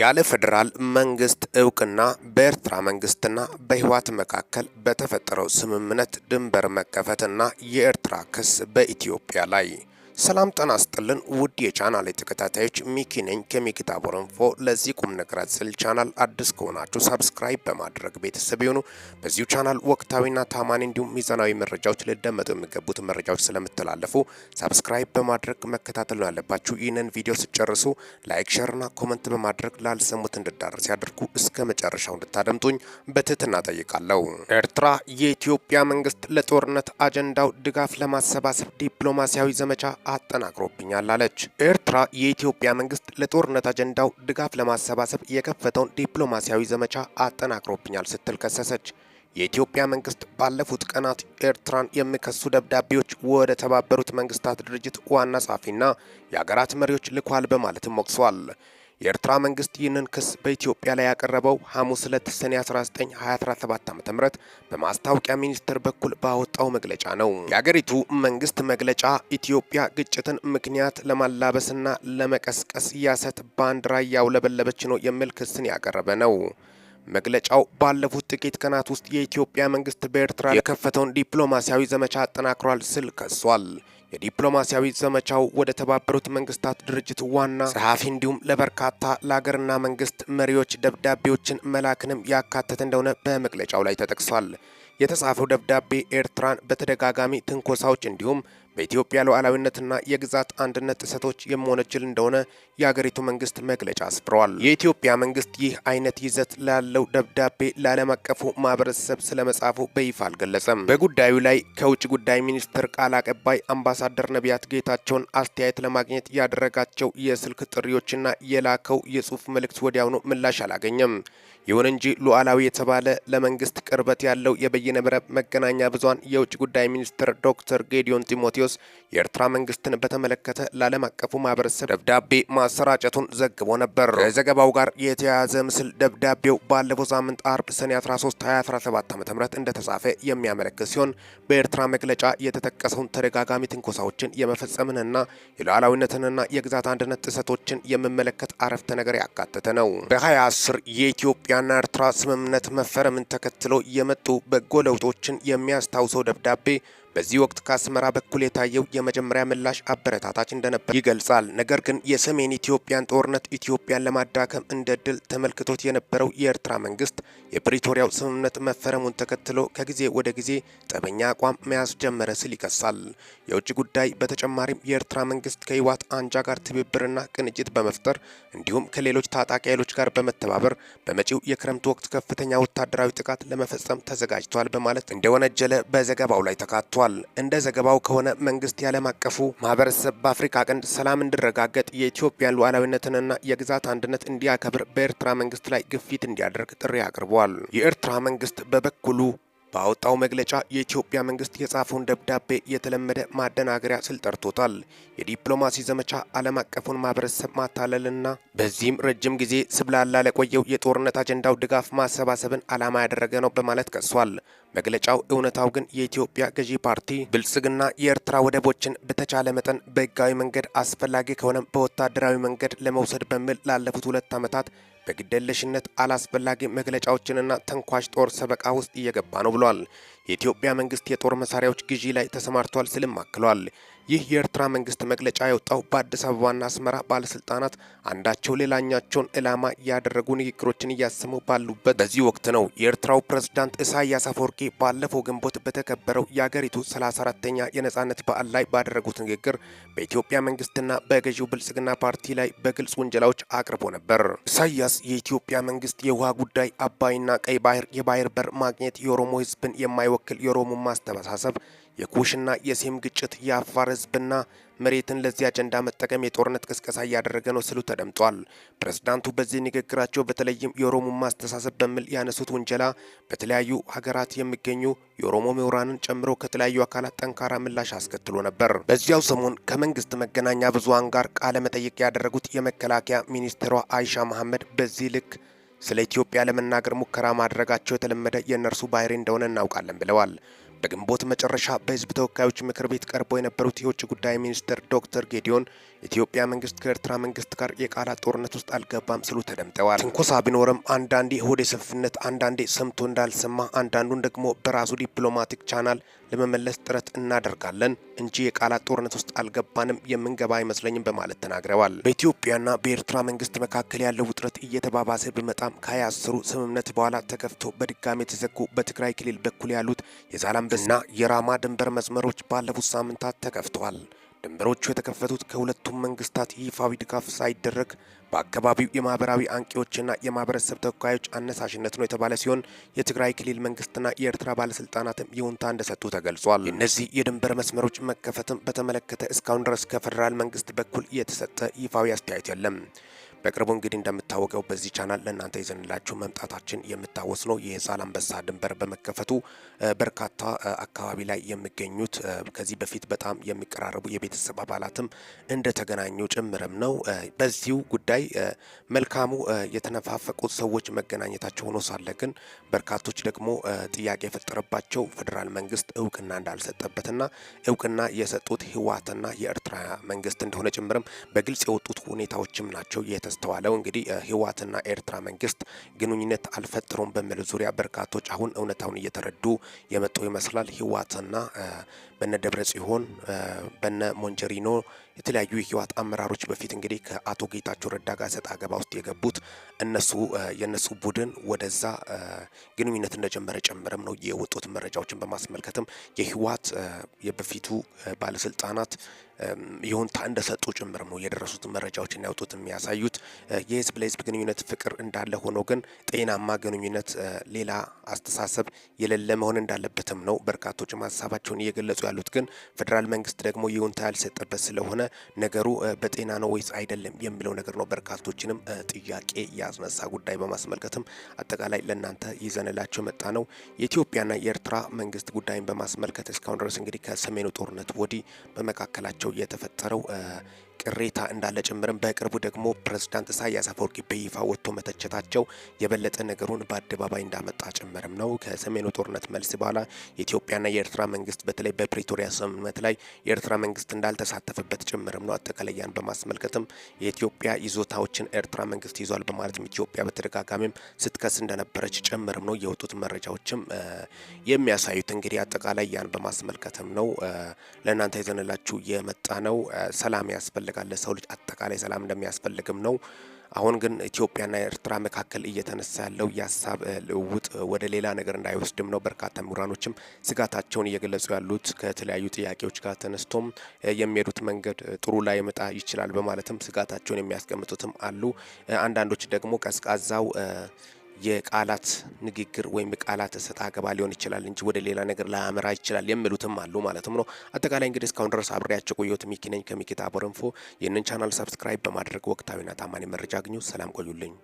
ያለ ፌዴራል መንግስት እውቅና በኤርትራ መንግስትና በህወሓት መካከል በተፈጠረው ስምምነት ድንበር መከፈትና የኤርትራ ክስ በኢትዮጵያ ላይ ሰላም ጠና ይስጥልን ውድ የቻናል ተከታታዮች ሚኪ ነኝ ከሚኪታ ቦረንፎ። ለዚህ ቁም ነገር አዘል ቻናል አዲስ ከሆናችሁ ሰብስክራይብ በማድረግ ቤተሰብ የሆኑ በዚሁ ቻናል ወቅታዊና ታማኒ እንዲሁም ሚዛናዊ መረጃዎች ሊደመጡ የሚገቡት መረጃዎች ስለሚተላለፉ ሰብስክራይብ በማድረግ መከታተል ያለባችሁ። ይህንን ቪዲዮ ስጨርሱ ላይክ፣ ሸርና ኮመንት በማድረግ ላልሰሙት እንዲዳረስ ያድርጉ። እስከ መጨረሻው እንድታደምጡኝ በትህትና ጠይቃለሁ። ኤርትራ የኢትዮጵያ መንግስት ለጦርነት አጀንዳው ድጋፍ ለማሰባሰብ ዲፕሎማሲያዊ ዘመቻ አጠናቅሮብኛል አለች። ኤርትራ የኢትዮጵያ መንግስት ለጦርነት አጀንዳው ድጋፍ ለማሰባሰብ የከፈተውን ዲፕሎማሲያዊ ዘመቻ አጠናቅሮብኛል ስትል ከሰሰች። የኢትዮጵያ መንግስት ባለፉት ቀናት ኤርትራን የሚከሱ ደብዳቤዎች ወደ ተባበሩት መንግስታት ድርጅት ዋና ጸሐፊና የሀገራት መሪዎች ልኳል በማለትም ወቅሰዋል። የኤርትራ መንግስት ይህንን ክስ በኢትዮጵያ ላይ ያቀረበው ሐሙስ ዕለት ሰኔ 19 2017 ም በማስታወቂያ ሚኒስቴር በኩል ባወጣው መግለጫ ነው። የአገሪቱ መንግስት መግለጫ ኢትዮጵያ ግጭትን ምክንያት ለማላበስና ለመቀስቀስ ያሰት ባንዲራ እያውለበለበች ነው የሚል ክስን ያቀረበ ነው። መግለጫው ባለፉት ጥቂት ቀናት ውስጥ የኢትዮጵያ መንግስት በኤርትራ የከፈተውን ዲፕሎማሲያዊ ዘመቻ አጠናክሯል ስል ከሷል። የዲፕሎማሲያዊ ዘመቻው ወደ ተባበሩት መንግስታት ድርጅት ዋና ጸሐፊ እንዲሁም ለበርካታ ለሀገርና መንግስት መሪዎች ደብዳቤዎችን መላክንም ያካተተ እንደሆነ በመግለጫው ላይ ተጠቅሷል። የተጻፈው ደብዳቤ ኤርትራን በተደጋጋሚ ትንኮሳዎች እንዲሁም በኢትዮጵያ ሉዓላዊነትና የግዛት አንድነት ጥሰቶች የመወነጀል እንደሆነ የአገሪቱ መንግስት መግለጫ አስፍረዋል። የኢትዮጵያ መንግስት ይህ አይነት ይዘት ላለው ደብዳቤ ለዓለም አቀፉ ማህበረሰብ ስለመጻፉ በይፋ አልገለጸም። በጉዳዩ ላይ ከውጭ ጉዳይ ሚኒስትር ቃል አቀባይ አምባሳደር ነቢያት ጌታቸውን አስተያየት ለማግኘት ያደረጋቸው የስልክ ጥሪዎችና የላከው የጽሁፍ መልእክት ወዲያውኑ ምላሽ አላገኘም። ይሁን እንጂ ሉዓላዊ የተባለ ለመንግስት ቅርበት ያለው የበየ በየነ መገናኛ ብዙሃን የውጭ ጉዳይ ሚኒስትር ዶክተር ጌዲዮን ጢሞቴዎስ የኤርትራ መንግስትን በተመለከተ ለዓለም አቀፉ ማህበረሰብ ደብዳቤ ማሰራጨቱን ዘግቦ ነበር። ከዘገባው ጋር የተያያዘ ምስል ደብዳቤው ባለፈው ሳምንት አርብ ሰኔ 13 2017 ዓ ም እንደተጻፈ የሚያመለክት ሲሆን በኤርትራ መግለጫ የተጠቀሰውን ተደጋጋሚ ትንኮሳዎችን የመፈጸምንና የሉዓላዊነትንና የግዛት አንድነት ጥሰቶችን የሚመለከት አረፍተ ነገር ያካተተ ነው። በ2010 የኢትዮጵያና ኤርትራ ስምምነት መፈረምን ተከትሎ የመጡ በጎ በጎ ለውጦችን የሚያስታውሰው ደብዳቤ በዚህ ወቅት ከአስመራ በኩል የታየው የመጀመሪያ ምላሽ አበረታታች እንደነበር ይገልጻል። ነገር ግን የሰሜን ኢትዮጵያን ጦርነት ኢትዮጵያን ለማዳከም እንደ ድል ተመልክቶት የነበረው የኤርትራ መንግስት የፕሪቶሪያው ስምምነት መፈረሙን ተከትሎ ከጊዜ ወደ ጊዜ ጠበኛ አቋም መያዝ ጀመረ ስል ይከሳል። የውጭ ጉዳይ በተጨማሪም የኤርትራ መንግስት ከህወሓት አንጃ ጋር ትብብርና ቅንጅት በመፍጠር እንዲሁም ከሌሎች ታጣቂ ኃይሎች ጋር በመተባበር በመጪው የክረምት ወቅት ከፍተኛ ወታደራዊ ጥቃት ለመፈጸም ተዘጋጅቷል በማለት እንደወነጀለ በዘገባው ላይ ተካቷል። ገልጿል። እንደ ዘገባው ከሆነ መንግስት ያለም አቀፉ ማህበረሰብ በአፍሪካ ቀንድ ሰላም እንዲረጋገጥ የኢትዮጵያን ሉዓላዊነትንና የግዛት አንድነት እንዲያከብር በኤርትራ መንግስት ላይ ግፊት እንዲያደርግ ጥሪ አቅርበዋል። የኤርትራ መንግስት በበኩሉ ባወጣው መግለጫ የኢትዮጵያ መንግስት የጻፈውን ደብዳቤ የተለመደ ማደናገሪያ ስል ጠርቶታል። የዲፕሎማሲ ዘመቻ ዓለም አቀፉን ማህበረሰብ ማታለልና በዚህም ረጅም ጊዜ ስብላላ ለቆየው የጦርነት አጀንዳው ድጋፍ ማሰባሰብን ዓላማ ያደረገ ነው በማለት ከሷል። መግለጫው እውነታው ግን የኢትዮጵያ ገዢ ፓርቲ ብልጽግና የኤርትራ ወደቦችን በተቻለ መጠን በህጋዊ መንገድ አስፈላጊ ከሆነም በወታደራዊ መንገድ ለመውሰድ በሚል ላለፉት ሁለት ዓመታት በግደለሽነት አላስፈላጊ መግለጫዎችንና ተንኳሽ ጦር ሰበቃ ውስጥ እየገባ ነው ብሏል። የኢትዮጵያ መንግስት የጦር መሳሪያዎች ግዢ ላይ ተሰማርቷል ስልም አክሏል። ይህ የኤርትራ መንግስት መግለጫ የወጣው በአዲስ አበባና አስመራ ባለስልጣናት አንዳቸው ሌላኛቸውን ዕላማ ያደረጉ ንግግሮችን እያሰሙ ባሉበት በዚህ ወቅት ነው። የኤርትራው ፕሬዝዳንት ኢሳያስ አፈወርቂ ባለፈው ግንቦት በተከበረው የአገሪቱ 34ተኛ የነጻነት በዓል ላይ ባደረጉት ንግግር በኢትዮጵያ መንግስትና በገዢው ብልጽግና ፓርቲ ላይ በግልጽ ውንጀላዎች አቅርቦ ነበር። ኢሳያስ የኢትዮጵያ መንግስት የውሃ ጉዳይ፣ አባይና ቀይ ባህር የባህር በር ማግኘት የኦሮሞ ህዝብን የማይወ የሚወክል የኦሮሞን ማስተባሳሰብ የኩሽና የሴም ግጭት የአፋር ህዝብና መሬትን ለዚህ አጀንዳ መጠቀም የጦርነት ቅስቀሳ እያደረገ ነው ሲሉ ተደምጧል። ፕሬዝዳንቱ በዚህ ንግግራቸው በተለይም የኦሮሞ ማስተሳሰብ በሚል ያነሱት ውንጀላ በተለያዩ ሀገራት የሚገኙ የኦሮሞ ምሁራንን ጨምሮ ከተለያዩ አካላት ጠንካራ ምላሽ አስከትሎ ነበር። በዚያው ሰሞን ከመንግስት መገናኛ ብዙሃን ጋር ቃለ መጠይቅ ያደረጉት የመከላከያ ሚኒስትሯ አይሻ መሐመድ በዚህ ልክ ስለ ኢትዮጵያ ለመናገር ሙከራ ማድረጋቸው የተለመደ የእነርሱ ባህሪ እንደሆነ እናውቃለን ብለዋል። በግንቦት መጨረሻ በህዝብ ተወካዮች ምክር ቤት ቀርቦ የነበሩት የውጭ ጉዳይ ሚኒስትር ዶክተር ጌዲዮን ኢትዮጵያ መንግስት ከኤርትራ መንግስት ጋር የቃላት ጦርነት ውስጥ አልገባም ሲሉ ተደምጠዋል። ትንኮሳ ቢኖርም አንዳንዴ ሆደ ሰፊነት፣ አንዳንዴ ሰምቶ እንዳልሰማ፣ አንዳንዱን ደግሞ በራሱ ዲፕሎማቲክ ቻናል ለመመለስ ጥረት እናደርጋለን እንጂ የቃላት ጦርነት ውስጥ አልገባንም፣ የምንገባ አይመስለኝም በማለት ተናግረዋል። በኢትዮጵያና በኤርትራ መንግስት መካከል ያለው ውጥረት እየተባባሰ ቢመጣም ከያስሩ ስምምነት በኋላ ተከፍቶ በድጋሚ የተዘጉ በትግራይ ክልል በኩል ያሉት የዛላምበሳና የራማ ድንበር መስመሮች ባለፉት ሳምንታት ተከፍተዋል። ድንበሮቹ የተከፈቱት ከሁለቱም መንግስታት ይፋዊ ድጋፍ ሳይደረግ በአካባቢው የማህበራዊ አንቂዎችና የማህበረሰብ ተወካዮች አነሳሽነት ነው የተባለ ሲሆን የትግራይ ክልል መንግስትና የኤርትራ ባለስልጣናትም ይሁንታ እንደሰጡ ተገልጿል። እነዚህ የድንበር መስመሮች መከፈትም በተመለከተ እስካሁን ድረስ ከፌዴራል መንግስት በኩል የተሰጠ ይፋዊ አስተያየት የለም። በቅርቡ እንግዲህ እንደምታወቀው በዚህ ቻናል ለእናንተ ይዘንላችሁ መምጣታችን የምታወስ ነው። የዛላንበሳ ድንበር በመከፈቱ በርካታ አካባቢ ላይ የሚገኙት ከዚህ በፊት በጣም የሚቀራረቡ የቤተሰብ አባላትም እንደተገናኙ ጭምርም ነው። በዚሁ ጉዳይ መልካሙ የተነፋፈቁት ሰዎች መገናኘታቸው ሆኖ ሳለ ግን በርካቶች ደግሞ ጥያቄ የፈጠረባቸው ፌዴራል መንግስት እውቅና እንዳልሰጠበትና እውቅና የሰጡት ህወሓትና የኤርትራ መንግስት እንደሆነ ጭምርም በግልጽ የወጡት ሁኔታዎችም ናቸው። ያስተዋለው እንግዲህ ህወሓትና ኤርትራ መንግስት ግንኙነት አልፈጠሩም በሚል ዙሪያ በርካቶች አሁን እውነታውን እየተረዱ የመጡ ይመስላል። ህወሓትና በነ ደብረ ጽዮን በነ ሞንጀሪኖ የተለያዩ የህወሓት አመራሮች በፊት እንግዲህ ከአቶ ጌታቸው ረዳ ጋር ሰጥ አገባ ውስጥ የገቡት እነሱ የእነሱ ቡድን ወደዛ ግንኙነት እንደጀመረ ጨምረም ነው የወጡት መረጃዎችን በማስመልከትም የህወሓት የበፊቱ ባለስልጣናት ይሁንታ እንደሰጡ ጭምርም ነው የደረሱት መረጃዎችን ያወጡት የሚያሳዩት የህዝብ ለህዝብ ግንኙነት ፍቅር እንዳለ ሆኖ ግን ጤናማ ግንኙነት፣ ሌላ አስተሳሰብ የሌለ መሆን እንዳለበትም ነው በርካቶች ሀሳባቸውን እየገለጹ ያሉት። ግን ፌዴራል መንግስት ደግሞ ይሁንታ ያልሰጠበት ስለሆነ ነገሩ በጤና ነው ወይስ አይደለም የሚለው ነገር ነው በርካቶችንም ጥያቄ ያስነሳ ጉዳይ። በማስመልከትም አጠቃላይ ለእናንተ ይዘንላቸው መጣ ነው የኢትዮጵያና የኤርትራ መንግስት ጉዳይን በማስመልከት እስካሁን ድረስ እንግዲህ ከሰሜኑ ጦርነት ወዲህ በመካከላቸው የተፈጠረው ቅሬታ እንዳለ ጭምርም በቅርቡ ደግሞ ፕሬዝዳንት ኢሳያስ አፈወርቂ በይፋ ወጥቶ መተቸታቸው የበለጠ ነገሩን በአደባባይ እንዳመጣ ጭምርም ነው። ከሰሜኑ ጦርነት መልስ በኋላ የኢትዮጵያና የኤርትራ መንግስት በተለይ በፕሪቶሪያ ስምምነት ላይ የኤርትራ መንግስት እንዳልተሳተፈበት ጭምርም ነው። አጠቃላይ ያን በማስመልከትም የኢትዮጵያ ይዞታዎችን ኤርትራ መንግስት ይዟል በማለትም ኢትዮጵያ በተደጋጋሚም ስትከስ እንደነበረች ጭምርም ነው የወጡት መረጃዎችም የሚያሳዩት። እንግዲህ አጠቃላይ ያን በማስመልከትም ነው ለእናንተ ይዘንላችሁ የመጣ ነው። ሰላም ያስፈልጋል። ያስፈልጋል፣ ሰው ልጅ አጠቃላይ ሰላም እንደሚያስፈልግም ነው። አሁን ግን ኢትዮጵያና ኤርትራ መካከል እየተነሳ ያለው የሀሳብ ልውውጥ ወደ ሌላ ነገር እንዳይወስድም ነው በርካታ ምሁራኖችም ስጋታቸውን እየገለጹ ያሉት። ከተለያዩ ጥያቄዎች ጋር ተነስቶም የሚሄዱት መንገድ ጥሩ ላይ መጣ ይችላል በማለትም ስጋታቸውን የሚያስቀምጡትም አሉ። አንዳንዶች ደግሞ ቀዝቃዛው የቃላት ንግግር ወይም የቃላት እሰጥ አገባ ሊሆን ይችላል እንጂ ወደ ሌላ ነገር ላያመራ ይችላል የሚሉትም አሉ ማለትም ነው። አጠቃላይ እንግዲህ እስካሁን ድረስ አብሬያቸው ቆየሁት። ሚኪ ነኝ ከሚኪታ ቦረንፎ። ይህንን ቻናል ሰብስክራይብ በማድረግ ወቅታዊና ታማኝ መረጃ አግኙ። ሰላም ቆዩልኝ።